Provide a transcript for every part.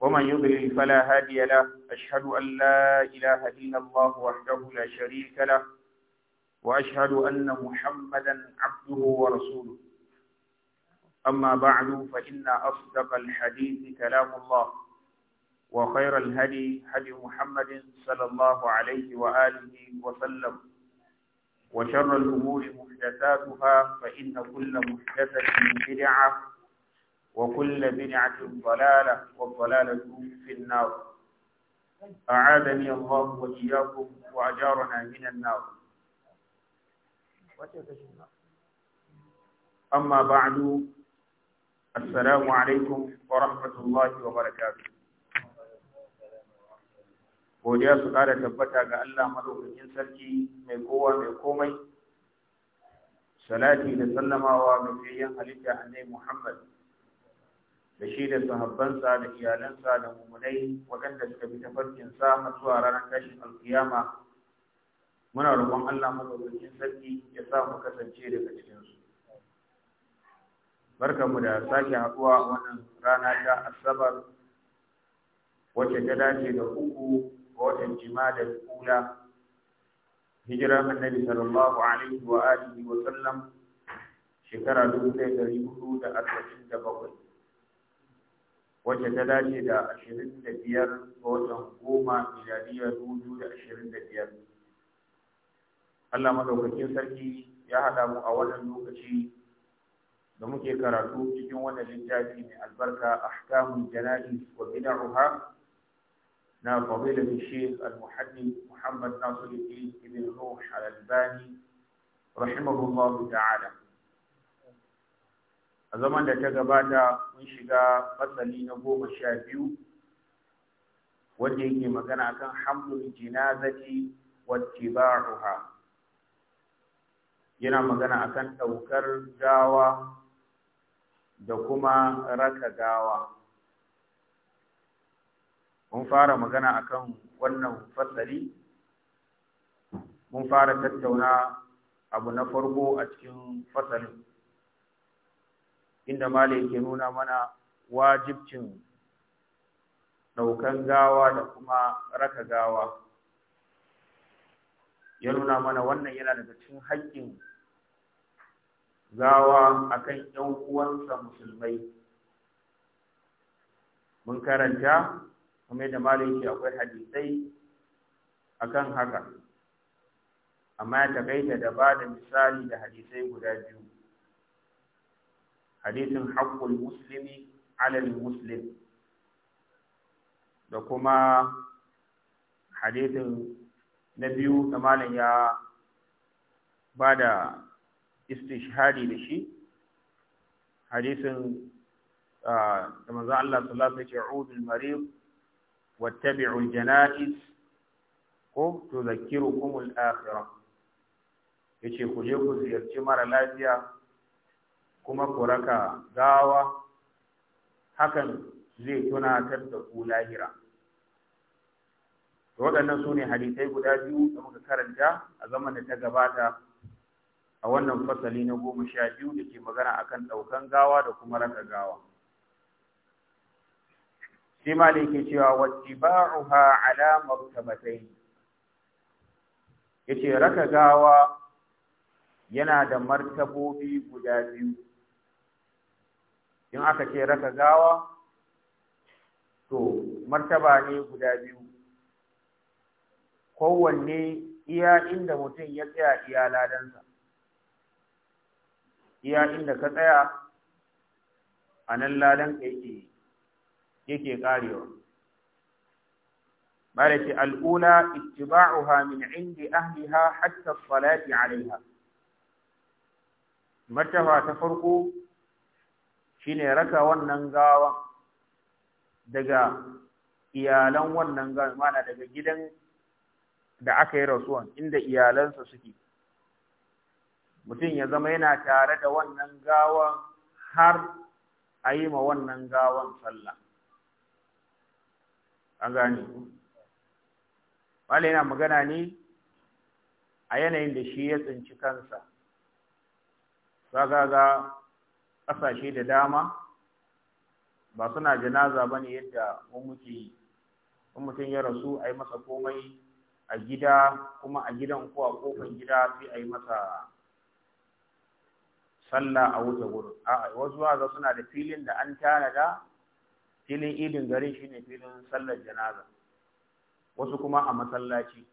ومن يضلل فلا هادي له أشهد أن لا إله إلا الله وحده لا شريك له وأشهد أن محمدا عبده ورسوله أما بعد فإن أصدق الحديث كلام الله وخير الهدي هدي محمد صلى الله عليه وآله وسلم وشر الأمور محدثاتها فإن كل محدثة بدعة وكل بدعة ضلالة والضلالة في النار أعاذني الله وإياكم وأجارنا من النار أما بعد السلام عليكم ورحمة الله وبركاته godiya su ƙara tabbata ga Allah madaukakin sarki mai kowa mai komai salati da sallamawa ga fiyayyen halitta annabi Muhammad da shi da sahabbansa da iyalansa da mummunai waɗanda suka bi tafarkinsa har zuwa ranar tashin alkiyama muna roƙon Allah madaukakin sarki ya sa mu kasance daga cikinsu mu da sake haɗuwa a wannan rana ta asabar wacce ta dace da uku ga watan jima'a da kula hijiran annabi sallallahu alaihi wa alihi wa sallam shekara dubu ɗaya ɗari hudu da arba'in da bakwai wacce ta dace da ashirin da biyar ga watan goma miladiyar dubu da Allah madaukakin sarki ya haɗa mu a wannan lokaci da muke karatu cikin wannan littafi mai albarka ahkamul jana'iz wa Ruha na da shaykh al-muhaddith Muhammad Nasiruddin ibn ruh al-Albani rahimahullahu ta'ala a zaman da ta gabata mun shiga fasali na goma sha biyu wanda yake magana kan hamlul jinazati wattiba'uha yana magana akan ɗaukar gawa da kuma raka gawa mun fara magana akan wannan fasali mun fara tattauna abu na farko a cikin fasalin inda malai ke nuna mana wajibcin daukan gawa da kuma raka gawa ya nuna mana wannan yana daga cikin haƙƙin gawa akan kan uwansa musulmai mun karanta kuma yadda malai ke akwai hadisai akan haka amma ya takaita da ba da misali da hadisai guda biyu hadisin haƙƙul muslimi alal muslim da kuma hadisin na biyu da malam ya ba da istishhadi da shi hadisin ah, da manzo Allah sallallahu alaihi wasallam ya ce marid wattabi'u al-janaiz ko tudhakkirukum al-akhirah yace ku je ku ziyarci mara lafiya kuma ku raka gawa hakan zai tunatar da ku lahira waɗannan su ne hadisai guda biyu da muka karanta a zaman da ta gabata a wannan fasali na goma sha biyu da ke magana akan ɗaukan gawa da kuma raka gawa sai ma da yake cewa wattiba'uha ala martabatai yace raka gawa yana da martabobi guda biyu in aka ce raka gawa to martaba ne guda biyu kowanne iya inda mutum ya tsaya iya ladansa iya inda ka tsaya a nan ladan ka yake yake karewa bare ce al'ula ittiba'uha min indi ahliha hatta salati alaiha martaba ta farko shine raka wannan gawan daga iyalan wannan gawan mana daga gidan da aka yi rasuwan inda iyalansa suke mutum ya zama yana tare da wannan gawan har a yi ma wannan gawan sallah an gane wale yana magana ne a yanayin da shi ya tsinci kansa ga ƙasashe da dama ba suna janaza ba ne yadda mun ya rasu a yi masa komai a gida kuma a gidan ko a kofar gida sai a masa sallah a wuce wurin a'a wasu waza suna da filin da an tanada filin idin garin shine filin sallar janaza wasu kuma a masallaci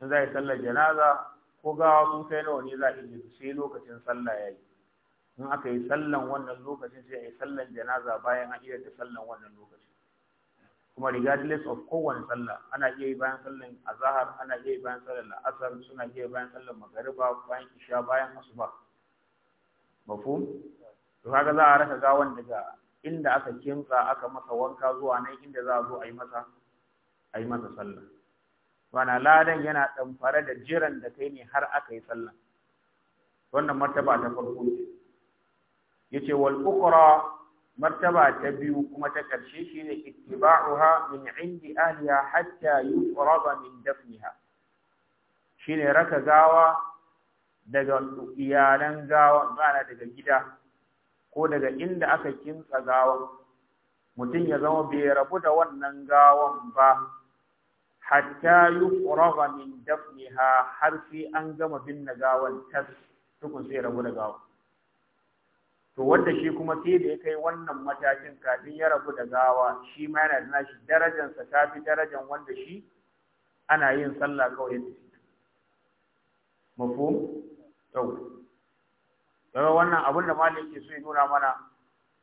in za a yi sallar janaza ko gawa sun kai nawa ne za a iya sai lokacin sallah ya yi in aka yi sallan wannan lokacin sai a yi sallan janaza bayan an iya ta sallan wannan lokacin kuma regardless of kowane sallah ana iya yi bayan sallan azahar ana iya yi bayan sallan la'asar suna iya yi bayan sallan magariba bayan isha bayan asuba mafhum to kaga za a rasa gawan daga inda aka kinka aka masa wanka zuwa nan inda za a zo a yi masa a yi masa sallah wana ladan yana damfare da jiran da kai ne har aka yi sallah wannan martaba ta farko ce yace wal ukra martaba ta biyu kuma ta karshe shine ittiba'uha min indi ahliha hatta yuqraba min dafniha shine raka gawa daga iyalan gawa bana daga gida ko daga inda aka kinsa gawa mutum ya zama bai rabu da wannan gawan ba hatta yuqraba min dafniha har sai an gama binne gawan tas tukun sai rabu da gawan to wanda shi kuma sai da ya kai wannan matakin kafin ya rabu da gawa shi ma yana da nashi darajansa ta fi darajan wanda shi ana yin sallah kawai ya tafi mafhum yau yau wannan abin da malik ke so ya nuna mana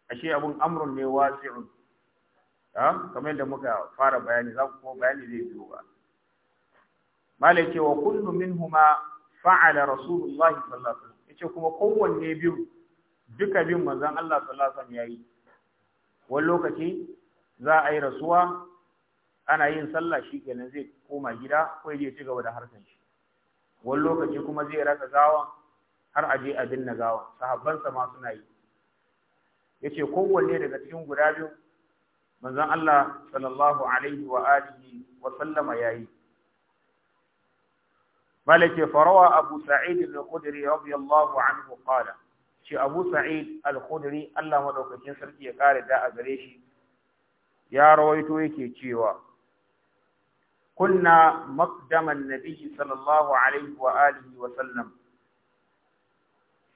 ashe abun amrun ne wasi'u ha kamar yadda muka fara bayani za ku kuma bayani zai biyo ba malik ce wa kullu minhuma fa'ala rasulullahi sallallahu alaihi wasallam yace kuma kowanne biyu duka bin manzon Allah sallallahu alaihi wasallam yayi wani lokaci za a yi rasuwa ana yin sallah shi kenan zai koma gida ko ya ci gaba da harkan shi wani lokaci kuma zai raka gawa har aje a binne gawa sahabbansa ma suna yi yace kowanne daga cikin guda biyu manzon Allah sallallahu alaihi wa alihi wa sallama yayi malike farawa abu sa'id al-khudri radiyallahu anhu qala shi Abu Sa'id Al-Khudri Allah madaukakin sarki ya kare da a gare shi ya rawaito yake cewa kunna maqdaman nabiyyi sallallahu alaihi wa alihi wa sallam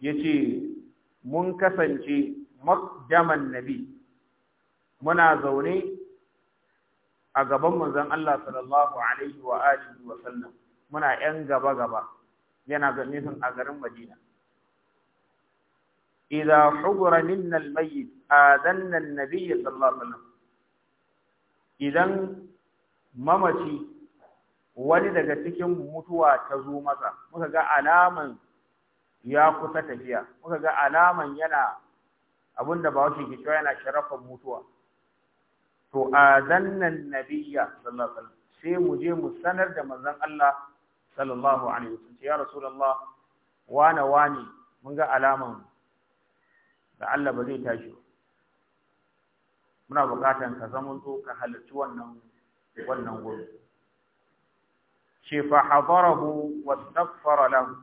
yace mun kasance maqdaman nabi muna zaune a gaban manzon Allah sallallahu alaihi wa alihi wa sallam muna yan gaba gaba yana nufin a garin Madina إذا حضر منا الميت آذنا النبي صلى الله عليه وسلم idan mamaci wani daga cikin mutuwa ta zo masa muka ga alaman ya kusa tafiya muka ga alaman yana abinda ba shi ke yana sharafan mutuwa to a azannan nabiyya sallallahu alaihi wasallam sai mu je mu sanar da manzon Allah sallallahu alaihi wasallam ya rasulullah wana wani mun ga alaman da Allah ba zai tashi ba muna bukatan ka zama zo ka halarci wannan wannan gurin ce fa hadarahu wa tafara lahu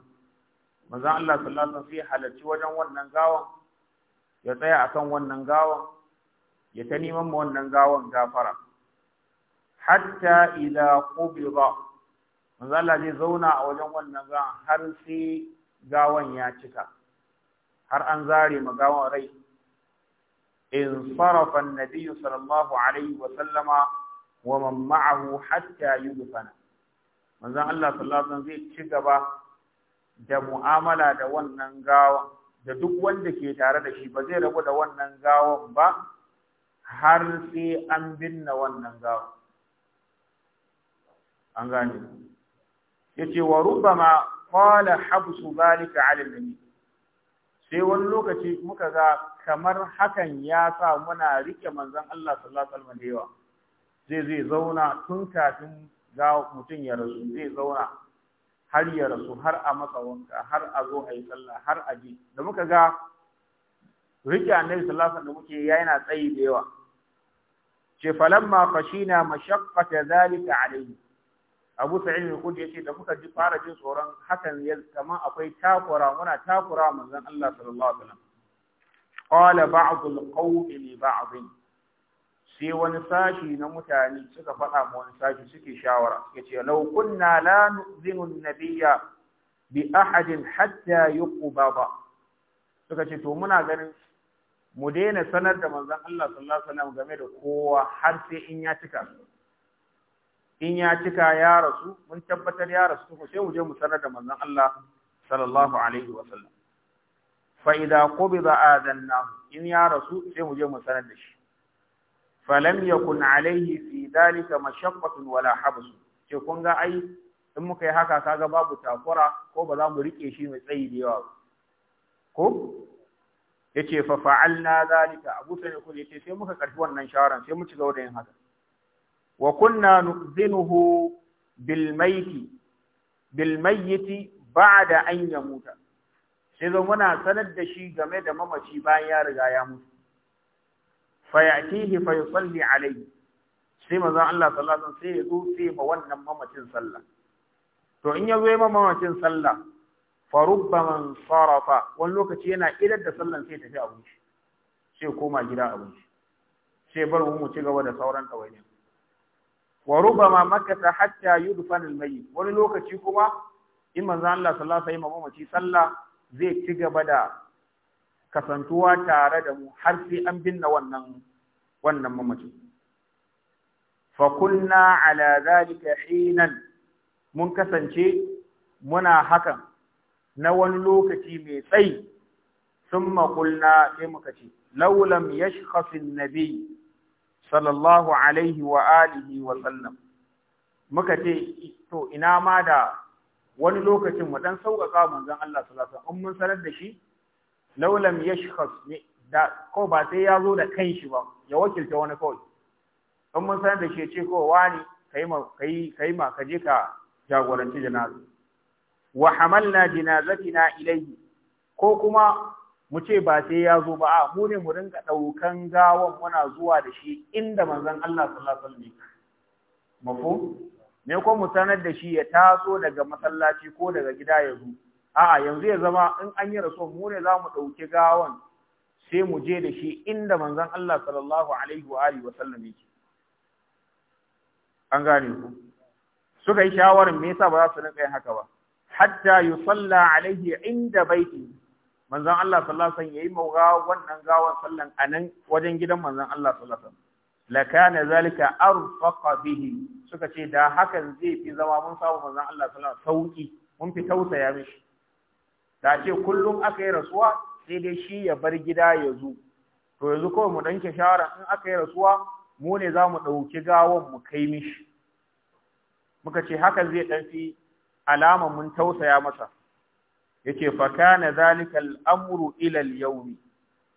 manzo Allah sallallahu alaihi wasallam sai halarci wajen wannan gawan ya tsaya akan wannan gawan ya ta neman mu wannan gawan gafara hatta idza qubida manzo Allah zai zauna a wajen wannan gawan har sai gawan ya cika har an zare magawan rai in sarafa annabi sallallahu alaihi wa sallama wa man ma'ahu hatta yudfana manzon Allah sallallahu alaihi zai ci gaba da mu'amala da wannan gawa da duk wanda ke tare da shi ba zai rabu da wannan gawan ba har sai an binna wannan gawa an gane yace wa rubbama qala habsu zalika 'ala al-nabi sai wani lokaci muka ga kamar hakan ya sa muna rike manzan Allah sallallahu alaihi wasallam da yawa zai zai zauna tun kafin ga mutum ya rasu zai zauna har ya rasu har a masa wanka har a zo a yi sallah har a ji da muka ga rike annabi sallallahu alaihi wasallam ya muke yana tsayi da yawa ce falamma fashina mashaqqata zalika alaihi abu sa'id al-khudri yace da muka ji fara jin tsoron hakan ya kama akwai takura muna takura manzon Allah sallallahu alaihi wasallam qala ba'd al-qawm li ba'd sai wani sashi na mutane suka faɗa ma wani sashi suke shawara suke ce law kunna la nu'zinu an-nabiyya bi ahadin hatta yuqbada suka ce to muna ganin mu daina sanar da manzon Allah sallallahu alaihi wasallam game da kowa har sai in ya cika in ya cika ya rasu mun tabbatar ya rasu ko sai mu je mu sanar da manzon Allah sallallahu alaihi wa sallam fa idza qubida adanna in ya rasu sai mu je mu sanar da shi lam yakun alaihi fi dalika mashaqqatun wala habs ce kun ga ai in muka yi haka kaga babu takura ko ba za mu rike shi mai tsayi da yawa ko yace fa fa'alna dalika! abu sai ko yace sai muka karfi wannan shawaran sai mu ci gaba da yin haka wa kunna nuzinuhu bil maiti bil da ba'da an yamuta sai zo muna sanar da shi game da mamaci bayan ya riga ya mutu fa ya'tihi fa yusalli alayhi sai manzo Allah sallallahu alaihi wasallam sai ya zo ma wannan mamacin sallah to in ya zo ya mamacin sallah fa rubbama sarafa wani lokaci yana idar da sallan sai tafi abinci sai koma gida abinci sai bar mu ci gaba da sauran tawaini. wa rubama makasa hatta yudfan al wani lokaci kuma in manzo Allah sallallahu alaihi wasallam mamaci sallah zai ci gaba da kasantuwa tare da mu har sai an binne wannan wannan mamaci fa kunna ala zalika hinan mun kasance muna hakan na wani lokaci mai tsayi sun qulna sai muka ce law lam yashkhas an-nabi sallallahu alaihi wa alihi wa sallam muka ce to ina ma da wani lokacin mu dan sauƙaƙa manzon Allah sallallahu alaihi wa sallam mun sanar da shi laulam yashkhas ko ba sai ya zo da kanshi ba ya wakilta wani kawai in mun sanar da shi ya ce ko wani kai ma kai kai ma ka je ka jagoranci janaza wa hamalna jinazatina ilayhi ko kuma mu ce ba sai ya zo ba a mu ne mu rinka daukan gawan muna zuwa da shi inda manzon Allah sallallahu alaihi wasallam mafo ne ko mu sanar da shi ya taso daga masallaci ko daga gida ya zo a'a yanzu ya zama in an yi rasuwa mu ne za mu ɗauki gawan sai mu je da shi inda manzon Allah sallallahu alaihi wa alihi wasallam yake an gane ku suka yi shawarar me yasa ba za su rinka yin haka ba hatta yusalla alaihi inda baiti manzon Allah sallallahu alaihi wasallam yayi mawga wannan gawan sallan anan wajen gidan manzon Allah sallallahu alaihi wasallam kana zalika arfaqa bihi suka ce da hakan zai fi zama mun samu manzon Allah sallallahu alaihi wasallam sauki mun fi tausaya mishi da ce kullum aka yi rasuwa sai dai shi ya bar gida ya zo to yanzu kawai mu danke shawara in aka yi rasuwa mu ne za mu ɗauki gawan mu kai mishi muka ce hakan zai ɗan fi alaman mun tausaya masa yace fa kana zalika amru ila al yawm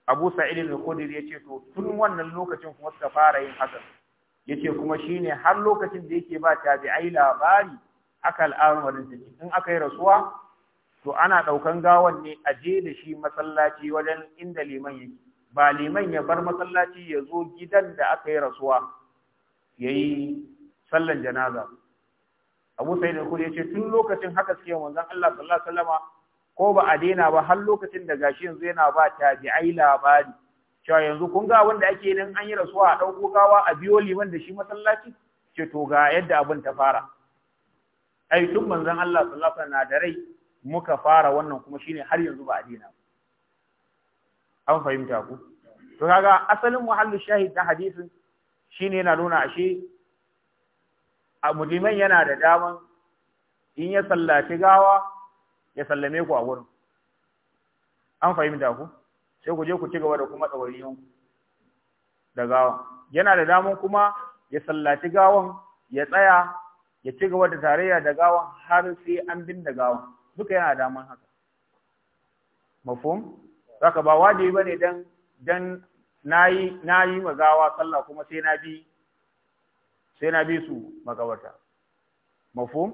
Abu Sa'id al-Khudri yace to tun wannan lokacin kuma suka fara yin hakan yace kuma shine har lokacin da yake ba tabi'ai labari aka al'amarin take in aka yi rasuwa to ana daukan gawan ne a je da shi masallaci wajen inda liman yake ba liman ya bar masallaci ya zo gidan da aka yi rasuwa yayi sallan janaza Abu Sa'id al-Khudri yace tun lokacin haka suke manzon Allah sallallahu alaihi wasallama ko ba a daina ba har lokacin da gashi yanzu yana ba tabi'ai labari cewa yanzu kun ga wanda ake nan an yi rasuwa a ɗauko gawa a biyo liman da shi masallaci ce to ga yadda abin ta fara ai duk manzon Allah sallallahu alaihi na da rai muka fara wannan kuma shine har yanzu ba a daina ba an fahimta ku to kaga asalin muhallu shahid na hadisin shine yana nuna ashe a yana da daman in ya sallaci gawa ya sallame ku a wurin an fahimta ku sai ku je ku ci gaba da kuma ɗawainiyan da gawan yana da damun kuma ya sallaci gawan ya tsaya ya ci gaba da tarayya da gawan har sai an bin da gawan duka yana da daman haka Za zaka ba wajibi bane dan dan nayi nayi gawa sallah kuma sai na bi sai na bi su magawarta mafum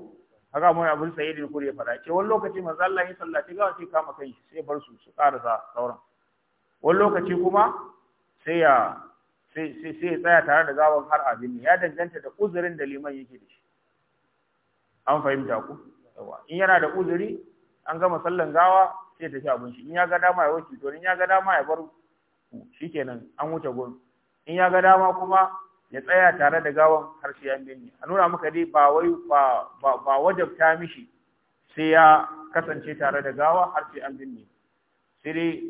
haka mai abin sayyid ne ya fada ce wani lokaci manzo Allah ya sallace, gawa sai kama kai sai bar su su karasa sauran wani lokaci kuma sai ya sai sai sai tsaya tare da gawan har abin ya danganta da uzurin da liman yake da shi an fahimta ku yawa in yana da uzuri an gama sallan gawa sai ci abin shi in ya ga dama ya wuce to in ya ga dama ya bar shikenan an wuce gon in ya ga dama kuma ya tsaya tare da gawan har sai ya binne a nuna maka dai ba wai ba wajabta mishi sai ya kasance tare da gawa har sai an binne sai dai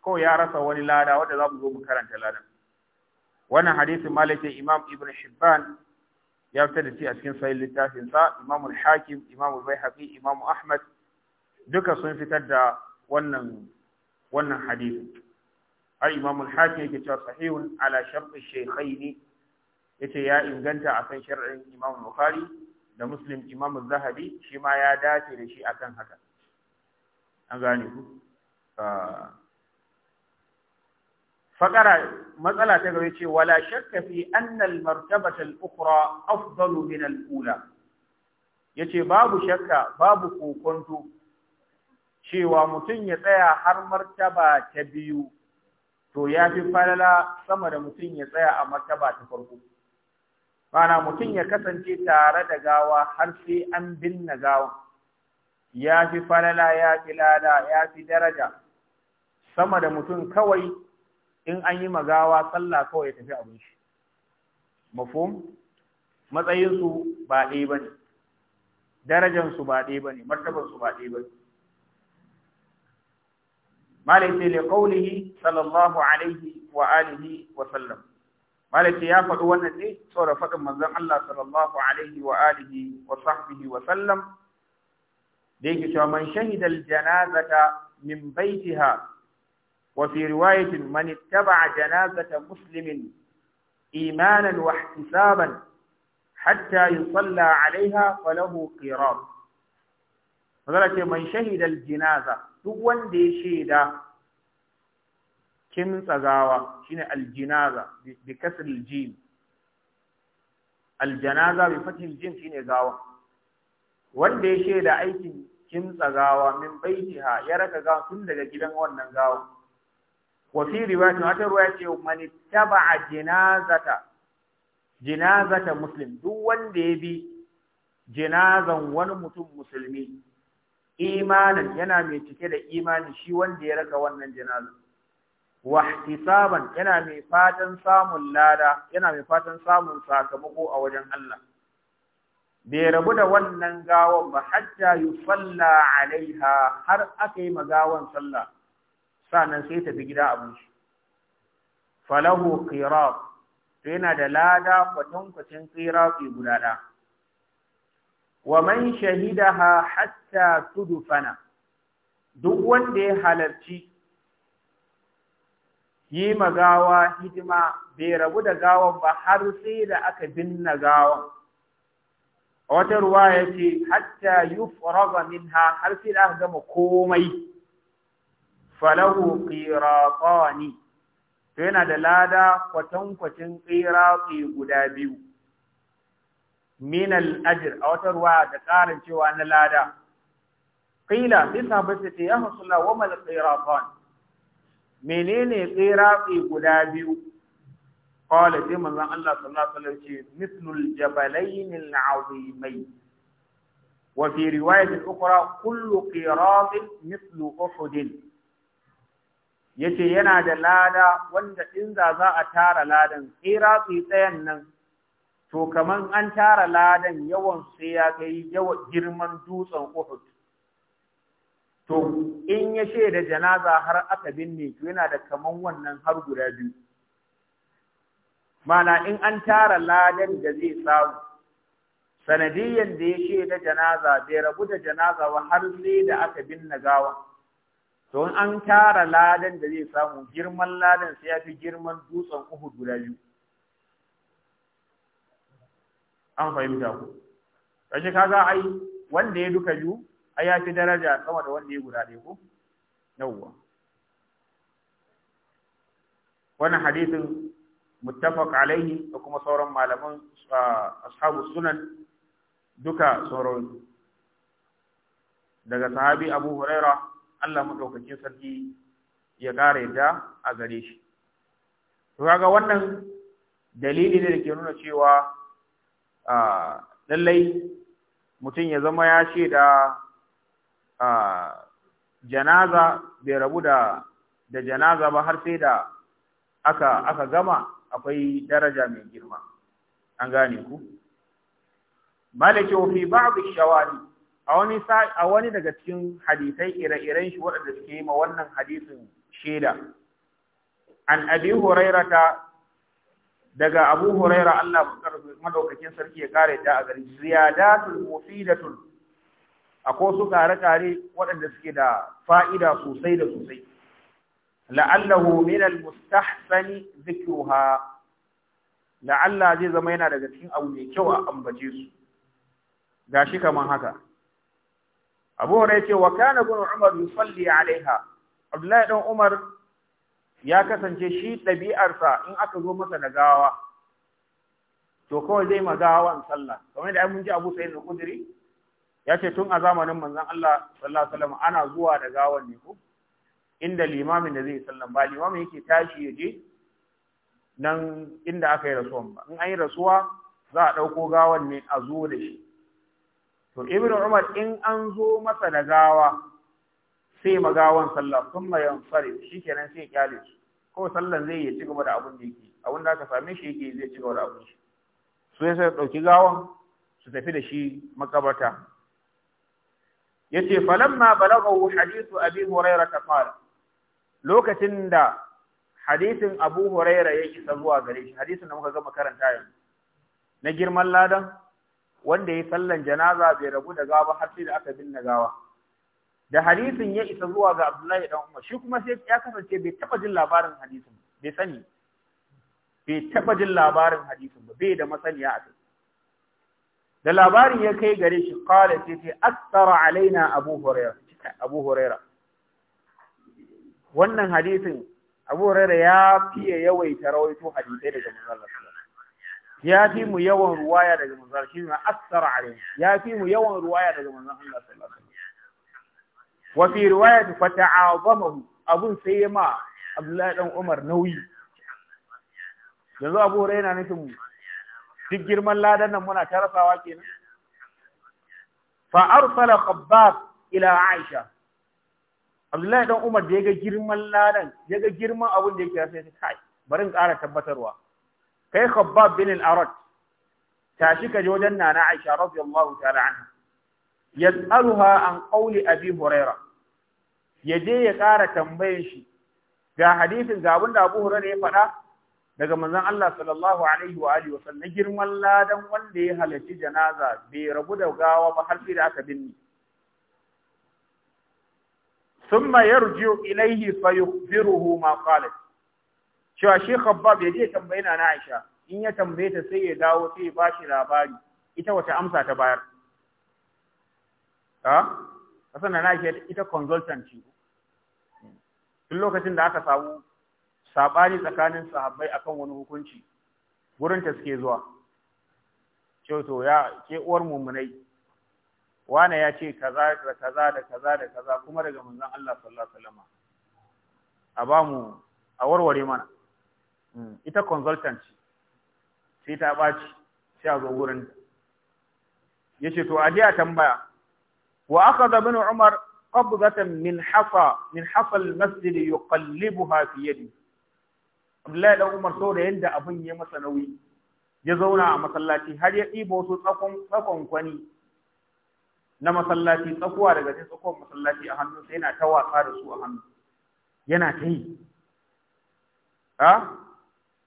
ko ya rasa wani lada wanda za mu zo mu karanta ladan wannan hadisin malakin imam ibn hibban ya fita da shi a cikin sahih littafin sa imam al-hakim imam al-baihaqi imam ahmad duka sun fitar da wannan wannan hadisin ai imam al-hakim yake cewa sahihun ala shartu shaykhaini yace ya inganta akan shar'in Imam Bukhari da Muslim Imam Zahabi shi ma ya dace da shi akan haka an gane ku ah. fakara matsala ta gaba ce wala shakka fi anna al-martabata al-ukhra afdalu min al-ula yace babu shakka babu kokonto cewa mutum ya tsaya har martaba ta biyu to ya fi falala sama da mutum ya tsaya a martaba ta farko Mana mutum ya kasance tare da gawa har sai an binne gawa. Ya fi falala, ya fi lada, ya fi daraja, sama da mutum kawai in an yi magawa sallah kawai ya tafi abin shi. Mafum? Matsayinsu ba ɗaya ba ne, darajansu ba ɗaya ba ne, martabarsu ba ɗaya ba ne. Malai sai da ƙaunihi sallallahu alaihi wa alihi wa sallam. malaki ya faɗi wannan ne saboda faɗin manzon Allah sallallahu alaihi wa alihi wa sahbihi wa sallam da yake cewa man shahida aljanazata min baitiha wa fi riwayatin man ittaba'a janazata muslimin imanan wa ihtisaban hatta yusalla alaiha falahu qiram Mazala ce man shahidal jinaza duk wanda ya shaida kin tsagawa shine aljinaza bi kasr aljim aljanaza bi fathi aljim shine gawa wanda ya shaida aikin kin tsagawa min baitiha ya raka gawa tun daga gidan wannan gawa wa fi riwayat wata ruwaya ce man taba'a jinazata jinazata muslim duk wanda ya bi jinazan wani mutum musulmi imanin yana mai cike da imani shi wanda ya raka wannan jinazan wahtisaban yana mai fatan samun lada yana mai fatan samun sakamako a wajen Allah bai rabu da wannan gawan ba hatta yusalla alaiha har aka yi magawan sallah sannan sai tafi gida abin shi falahu qirat to yana da lada kwatankwacin qirati guda da wa man shahidaha hatta tudfana duk wanda ya halarci yi ma gawa hidima bai rabu da gawan ba har sai da aka binna gawan a wata ruwa ya ce hatta yufraga minha har sai da aka gama komai falahu qiratani to yana da lada kwatankwacin qirati guda biyu Minal ajir a wata ruwa da ƙarin cewa na lada qila bisa bisa ce ya hasula wa mal qiratan menene tsiratsi guda biyu qala sai manzon Allah sallallahu alaihi wasallam ce mithlul jabalain al'azimai wa fi riwayat ukhra kullu qirat mithlu uhud yace yana da lada wanda in za za a tara ladan tsiratsi tsayan nan to kaman an tara ladan yawan sai ya kai yawan girman dutsen Uhud to in ya sheda janaza har aka binne to yana da kaman wannan har guda biyu mana in an tara ladan da zai samu sanadiyan da ya sheda janaza bai rabu da janaza wa har sai da aka binne gawa to in an tara ladan da zai samu girman ladan sai ya fi girman dutsen uku guda biyu an fahimta ku kashi kaga ai wanda ya duka biyu ai ya fi daraja sama da wanda ya guda ɗaya ko yawwa wannan hadisin muttafaq alaihi da kuma sauran malaman ashabu sunan duka sauran daga sahabi Abu Huraira Allah madaukakin sarki ya kare yadda a gare shi to kaga wannan dalili ne da ke nuna cewa lallai mutum ya zama ya ce da janaza bai rabu da da janaza ba har sai da aka aka gama akwai daraja mai girma an gane ku malaki wa fi ba'd shawari a wani a wani daga cikin hadisai ire-iren shi waɗanda suke ma wannan hadisin shaida an abi hurairata daga abu huraira Allah madaukakin sarki ya kare ta a gari ziyadatul mufidatul akwai su kare-kare waɗanda suke da fa'ida sosai da sosai. La'allahu minal al-mustahsani zikruha la'alla zai zama yana daga cikin abu mai kyau a ambace su. shi kamar haka. Abu Hurairah ce wa kana ibn Umar yusalli alaiha. Abdullahi ɗan Umar ya kasance shi ɗabi'arsa in aka zo masa da gawa to kawai zai magawan sallah kamar da ai mun Abu Sa'id da kudiri, ya ce tun a zamanin manzan Allah sallallahu alaihi wasallam ana zuwa da gawan ne ko inda limamin da zai sallan ba limamin yake tashi ya je nan inda aka yi rasuwan ba in an yi rasuwa za a ɗauko gawan ne a zo da shi to ibn umar in an zo masa da gawa sai magawan sallah kuma mai yansare shi kenan sai kyale shi ko sallan zai yi ci gaba da abin da yake abin da aka same shi yake zai ci gaba da abin shi su sai ɗauki gawan su tafi da shi makabarta yace falamma balaghahu hadithu abi hurairah qala lokacin da hadisin abu huraira ya isa zuwa gare shi hadithin da muka gama karanta yanzu na girman ladan wanda ya sallan janaza bai rabu da gawa har sai da aka binne gawa da hadisin ya isa zuwa ga Abdullahi dan Umar shi kuma sai ya kasance bai taba jin labarin hadisin bai sani bai taba jin labarin hadisin ba bai da masaniya a da labarin ya kai gare shi qala ce ce asara alaina abu huraira abu huraira wannan hadisin abu huraira ya fiye yawaita rawaito hadisai daga manzon ya fi mu yawan ruwaya daga manzon shi ne asara alaina ya fi mu yawan ruwaya daga manzon sallallahu wa fi riwayati fata'azamahu abun sai ma Abdullahi dan Umar nauyi yanzu Abu Hurairah nufin duk girman ladan nan muna ta rasawa kenan fa arsala khabbab ila aisha abdullahi dan umar da ya ga girman ladan ya ga girman abin da yake sai sai kai bari in ƙara tabbatarwa kai khabbab bin al-arat tashi ka je wajen nana aisha radiyallahu ta'ala anha yas'aluha an qawli abi huraira ya je ya kara tambayar shi ga hadisin ga abin da abu huraira ya faɗa daga manzon Allah sallallahu alaihi wa alihi wasallam na girman ladan wanda ya halarci janaza bai rabu da gawa ba har sai da aka binne yarji'u يرجع fa yukhbiruhu ma qala cewa shi khabbab ya je tambayi na Aisha in ya tambaye ta sai ya dawo sai ya bashi labari ita wata amsa ta bayar ha kasan na Aisha ita consultant ce Duk lokacin da aka samu saɓani tsakanin sahabbai akan wani hukunci gurin ta suke zuwa to ya ke uwar mummunai wane ya ce kaza da kaza da kaza da kaza kuma daga manzon Allah sallallahu alaihi wasallam a ba mu a warware mana ita consultant sai ta ɓaci sai a zo gurin yace to a a tambaya wa akhadha ibn umar qabdatan min hafa min hafa al-masjid yuqallibuha fi yadihi Abdullahi dan Umar so da yadda abin ya masa nauyi ya zauna a masallaci har ya ɗiba wasu tsakon tsakon kwani na masallaci tsakuwa daga cikin tsakon masallaci a hannunsa yana ta wasa da su a hannu yana ta yi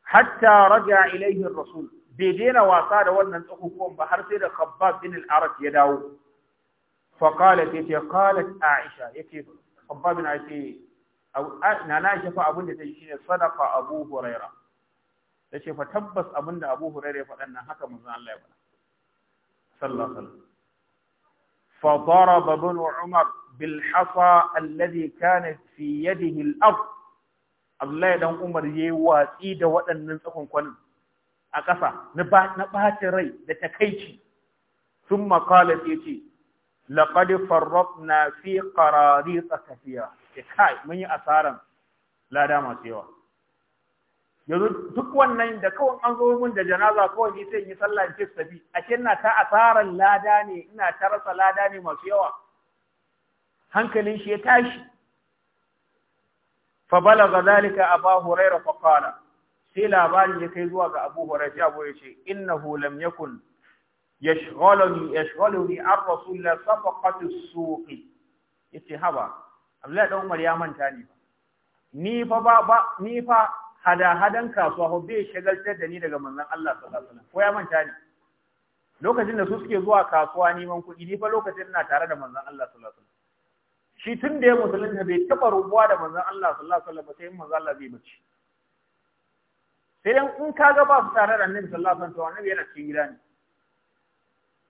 hatta raja ilaihi rasul bai daina wasa da wannan tsakukuwan ba har sai da khabbab bin al-arab ya dawo fa qalat ta qalat aisha yace khabbab bin aisha na na shafa abin da ta yi shine sadaqa abu huraira ta ce fa tabbas abin da abu huraira ya faɗa nan haka manzon Allah ya faɗa sallallahu alaihi wasallam fa daraba ibn umar bil hasa alladhi kana fi yadihi al ard Abdullahi dan Umar yayi watsi da waɗannan tsakon kwanin a ƙasa na ɓacin rai da takaici sun makalar ya ce, laƙadi farrafna fi ƙarari tsakafiya. ce kai mun yi asaran lada masu yawa yanzu duk wannan da kawai an zo mun da janaza kawai ni sai in yi sallah in ce su tafi ashe ina ta asaran lada ne ina ta rasa lada ne masu yawa hankalin shi ya tashi fa balagha zalika aba hurairah fa qala sai labarin ya kai zuwa ga abu hurairah sai abu yace innahu lam yakun yashghaluni yashghaluni ar rasulullah safaqatu as-suqi yace haba Abdullahi dan Umar ya manta ne ni fa ba ni fa hada-hadan kasuwa ho bai shagaltar da ni daga manzon Allah sallallahu alaihi wasallam ko ya manta ne lokacin da su suke zuwa kasuwa neman kuɗi ni fa lokacin ina tare da manzon Allah sallallahu alaihi wasallam shi tun da ya musulunta bai taɓa rubuwa da manzon Allah sallallahu alaihi wasallam sai manzon Allah zai bace sai dan in kaga ba su tare da annabi sallallahu alaihi wasallam to annabi yana cikin gida ne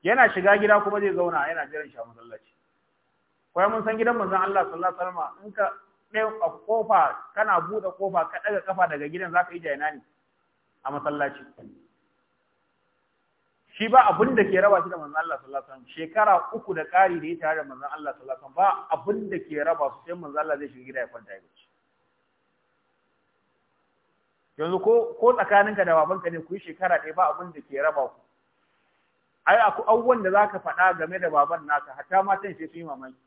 yana shiga gida kuma zai zauna yana jiran shi a masallaci wai mun san gidan manzon Allah sallallahu alaihi wasallam in ka ɗaya a kofa kana buɗe kofa ka ɗaga kafa daga gidan zaka yi jaina ne a masallaci shi ba abin da ke raba shi da manzon Allah sallallahu alaihi wasallam shekara uku da ƙari da ya tare da manzon Allah sallallahu alaihi wasallam ba abin da ke raba su sai manzon Allah zai shiga gida ya kwanta ya gaci yanzu ko ko tsakaninka da babanka ne ku yi shekara ɗaya ba abin da ke raba ku ai akwai abubuwan da zaka faɗa game da baban naka hatta matan sai su yi mamaki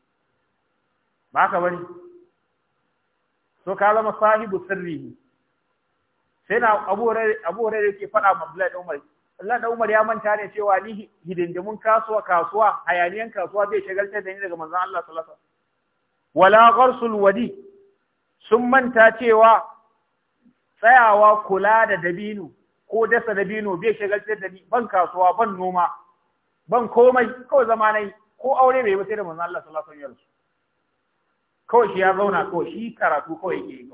ba ka bari so ka zama sahibu sirri sai na abu rare yake faɗa ma Abdullahi Umar Allah da Umar ya manta ne cewa ni hidindimin kasuwa kasuwa hayaniyan kasuwa zai shagaltar da ni daga manzon Allah sallallahu alaihi wasallam wala gharsul wadi sun manta cewa tsayawa kula da dabino ko dasa dabino bai shagaltar da ni ban kasuwa ban noma ban komai kawai zama ko aure bai ba sai da manzon Allah sallallahu alaihi wasallam kawai shi ya zauna kawai shi karatu kawai yake yi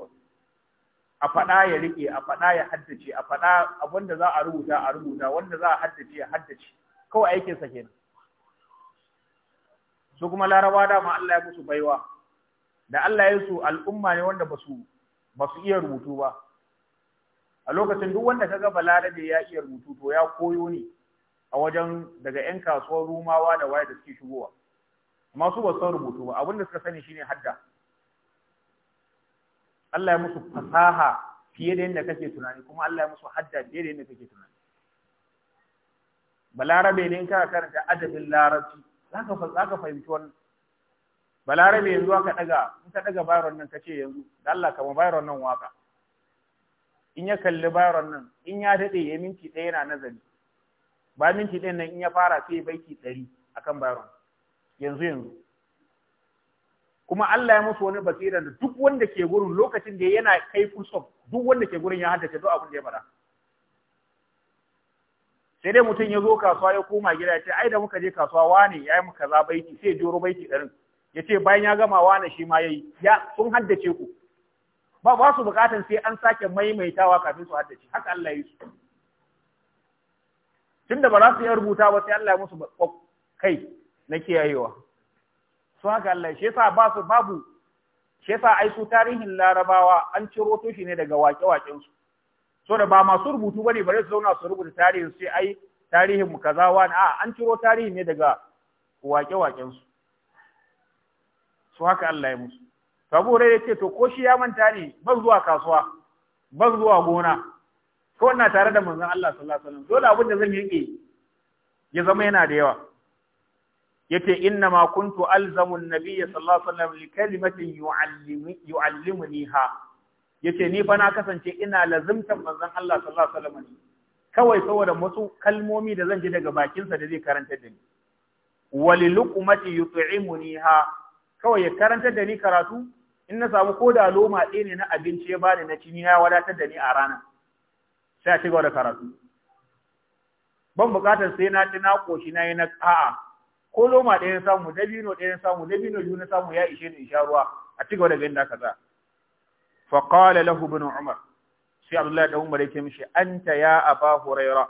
a faɗa ya riƙe a faɗa ya haddace a faɗa abinda za a rubuta a rubuta wanda za a haddace ya haddace kawai aikinsa kenan su kuma laraba dama Allah ya musu baiwa da Allah ya su al'umma ne wanda basu basu iya rubutu ba a lokacin duk wanda kaga balarabe ya iya rubutu to ya koyo ne a wajen daga yan kasuwar rumawa da waye da suke shigowa amma su ba rubutu ba abinda suka sani shine hadda Allah ya musu fasaha fiye da yadda kake tunani kuma Allah ya musu hadda fiye da yadda kake tunani balarabe ne in ka karanta adabin larabci zaka zaka fahimci wannan balarabe yanzu aka daga in ka daga bayron nan kace yanzu da Allah kama bayron nan waka in ya kalli bayron nan in ya dade ya minti ɗaya yana nazari ba minti ɗayan nan in ya fara sai baki ɗari akan bayron yanzu yanzu kuma Allah ya musu wani basira da duk wanda ke gurin lokacin da yana kai full duk wanda ke gurin ya haddace duk abin da ya fara sai dai mutum ya zo kasuwa ya koma gida ya ce ai da muka je kasuwa wa ne ya yi muka za baiti sai joro baiti ɗarin ya ce bayan ya gama wane shi ma ya yi ya sun haddace ku ba ba su bukatan sai an sake maimaitawa kafin su haddace haka Allah ya yi su tun ba za su iya rubuta ba sai Allah ya musu kai na kiyayewa su haka Allah shi yasa ba su babu shi yasa ai su tarihin larabawa an ciro to shi ne daga waƙe-waƙen su so da ba masu rubutu bane bare su zauna su rubuta tarihin sai ai tarihin mu kaza wani a an ciro tarihin ne daga waƙe-waƙen su su haka Allah ya musu Abu Hurairah ce to ko shi ya manta ne ban zuwa kasuwa ban zuwa gona ko ina tare da manzon Allah sallallahu alaihi wasallam dole abin da zan yi ya zama yana da yawa yace inna ma kuntu alzamu an sallallahu alaihi wasallam likalimatin kalimatin ha? yu'allimuniha yace ni fa na kasance ina lazimtan manzon Allah sallallahu alaihi wasallam kawai saboda musu kalmomi da zan ji daga bakinsa da zai karanta da ni wali yut'imuniha kawai ya karanta da ni karatu in na samu ko da loma ɗaya ne na abinci ya bani na cini ya wadatar da ni a rana sai a ci gaba da karatu ban bukatar sai na ci na koshi na yi na a'a ko loma ɗaya na samu dabino ɗaya na samu dabino biyu na samu ya ishe ni in sha ruwa a ci gaba da ganin da aka za fa qala lahu ibn umar sai abdullahi da umar yake mishi anta ya aba huraira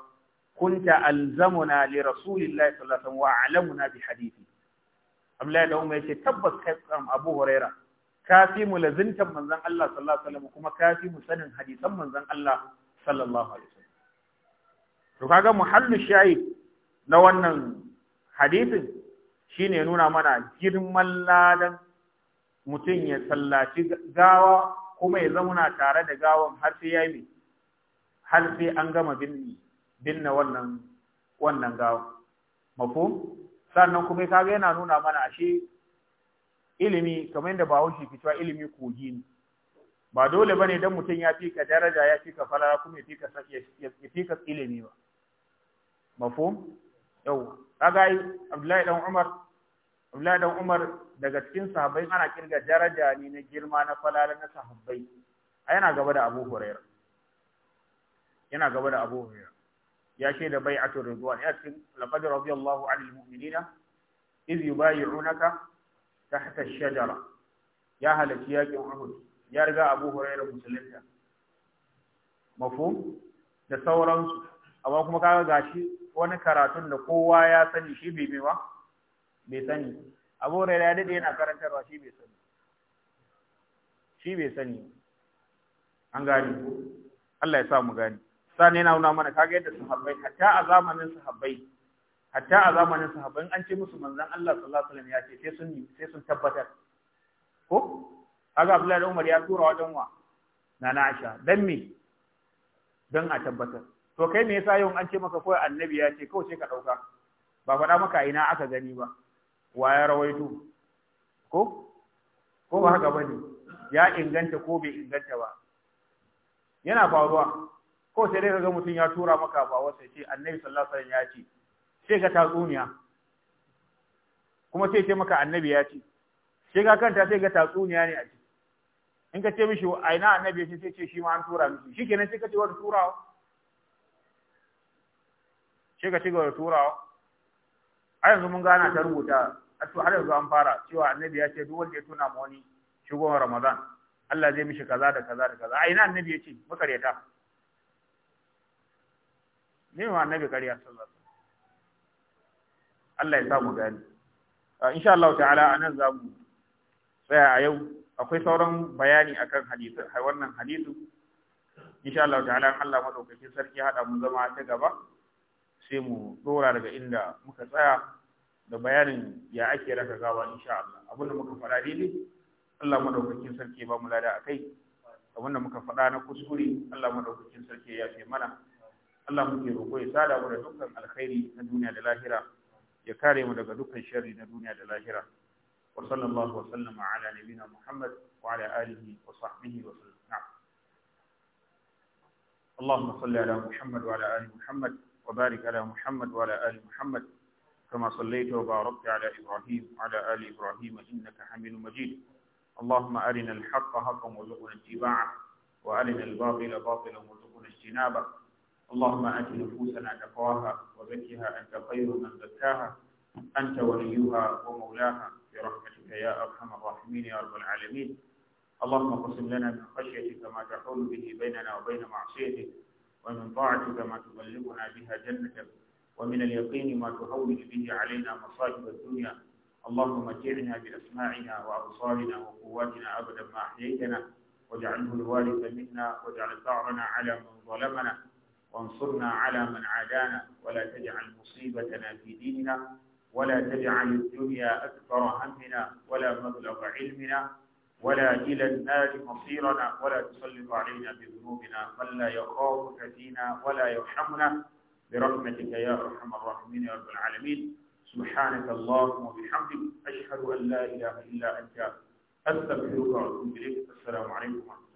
kunta alzamuna li rasulillahi sallallahu alaihi wasallam wa alamuna bi hadithi abdullahi da umar yake tabbas kai um, abu huraira ka fi mu lazintan manzon Allah sallallahu alaihi wasallam kuma ka fi mu sanin hadisan manzon Allah sallallahu alaihi wasallam to kaga muhallu shayi na wannan hadisin shine nuna mana girman ladan mutum ya sallaci gawa kuma ya zauna tare da gawan har sai ya yi har sai an gama binni binne wannan wannan gawa sannan kuma kaga yana nuna mana ashe ilimi kamar yadda Bahaushe ke cewa ilimi kogi ne ba dole bane dan mutum ya fika daraja ya fika falala kuma ya fika ya fika ilimi ba mafhum yawa kaga ai Abdullahi dan Umar Abdullahi dan Umar daga cikin sahabbai ana kirga daraja ne na girma na falala na sahabbai a yana gaba da Abu Hurairah yana gaba da Abu Hurairah ya ce da bai'atul ridwan ya cikin laqad radiyallahu 'anil mu'minina iz yubayyi'unaka tahta ash-shajara ya halaki yakin Uhud ya riga Abu Hurairah musulunta mafhum da sauransu amma kuma kaga gashi wani karatun da kowa ya sani shi bai mai ba bai sani abu rai ya dade yana karantarwa shi bai sani shi bai sani an gani Allah ya sa mu gani sani yana nuna mana kaga yadda sahabbai hatta a zamanin sahabbai hatta a zamanin sahabbai an ce musu manzan Allah sallallahu alaihi ya ce sai sun sai sun tabbatar ko kaga Abdullahi Umar ya tura wa wa Nana Aisha dan me dan a tabbatar to kai me yasa yau an ce maka kawai annabi ya ce kawai sai ka dauka ba faɗa maka ina aka gani ba wa ya rawaito ko ko ba haka bane ya inganta ko bai inganta ba yana faruwa ko sai dai kaga mutum ya tura maka ba wasa ce annabi sallallahu alaihi wasallam ya ce sai ka tatsuniya kuma sai ce maka annabi ya ce sai ga kanta sai ga tatsuniya ne a ce in ka ce mishi a ina annabi ya ce sai ce shi ma an tura mishi shikenan sai ka ce wani turawa sai ka cigaba da turawa a yanzu mun gana ta rubuta a to har yanzu an fara cewa annabi ya ce duk wanda ya tuna ma wani shigowar ramadan Allah zai mishi kaza da kaza da kaza a ina annabi ya ce makaryata ne ma annabi karya sallallahu Allah ya sa mu gani insha Allah ta'ala anan za mu tsaya a yau akwai sauran bayani akan hadisi wannan hadisi insha Allah ta'ala Allah madaukakin sarki hada mu zama ta gaba sai mu dora daga inda muka tsaya da bayanin ya ake raka gawa insha Allah abinda muka faɗa daidai Allah madaukakin sarki ba mu lada akai abinda muka faɗa na kuskure Allah madaukakin sarki ya ce mana Allah muke roƙo ya sada mu da dukkan alkhairi na duniya da lahira ya kare mu daga dukkan sharri na duniya da lahira wa sallallahu wa sallama ala nabina Muhammad wa ala alihi wa sahbihi wa sallam اللهم صل على محمد وعلى ال محمد وبارك على محمد وعلى آل محمد كما صليت وباركت على إبراهيم وعلى آل إبراهيم إنك حميد مجيد اللهم أرنا الحق حقا وارزقنا اتباعه وأرنا الباطل باطلا وارزقنا اجتنابه اللهم آت نفوسنا تقواها وزكها أنت خير من زكاها أنت وليها ومولاها برحمتك يا أرحم الراحمين يا رب العالمين اللهم اقسم لنا من خشيتك ما تحول به بيننا وبين معصيتك ومن طاعتك ما تبلغنا بها جنتك ومن اليقين ما تهون به علينا مصائب الدنيا اللهم متعنا بأسماعنا وأبصارنا وقواتنا أبدا ما أحييتنا واجعله الوارث منا واجعل ثأرنا على من ظلمنا وانصرنا على من عادانا ولا تجعل مصيبتنا في ديننا ولا تجعل الدنيا أكبر همنا ولا مبلغ علمنا ولا إلى النار مصيرنا ولا تسلط علينا بذنوبنا من لا يخافك فينا ولا يرحمنا برحمتك يا أرحم الراحمين يا رب العالمين سبحانك اللهم وبحمدك أشهد أن لا إله إلا أنت أستغفرك وأتوب إليك السلام عليكم ورحمة الله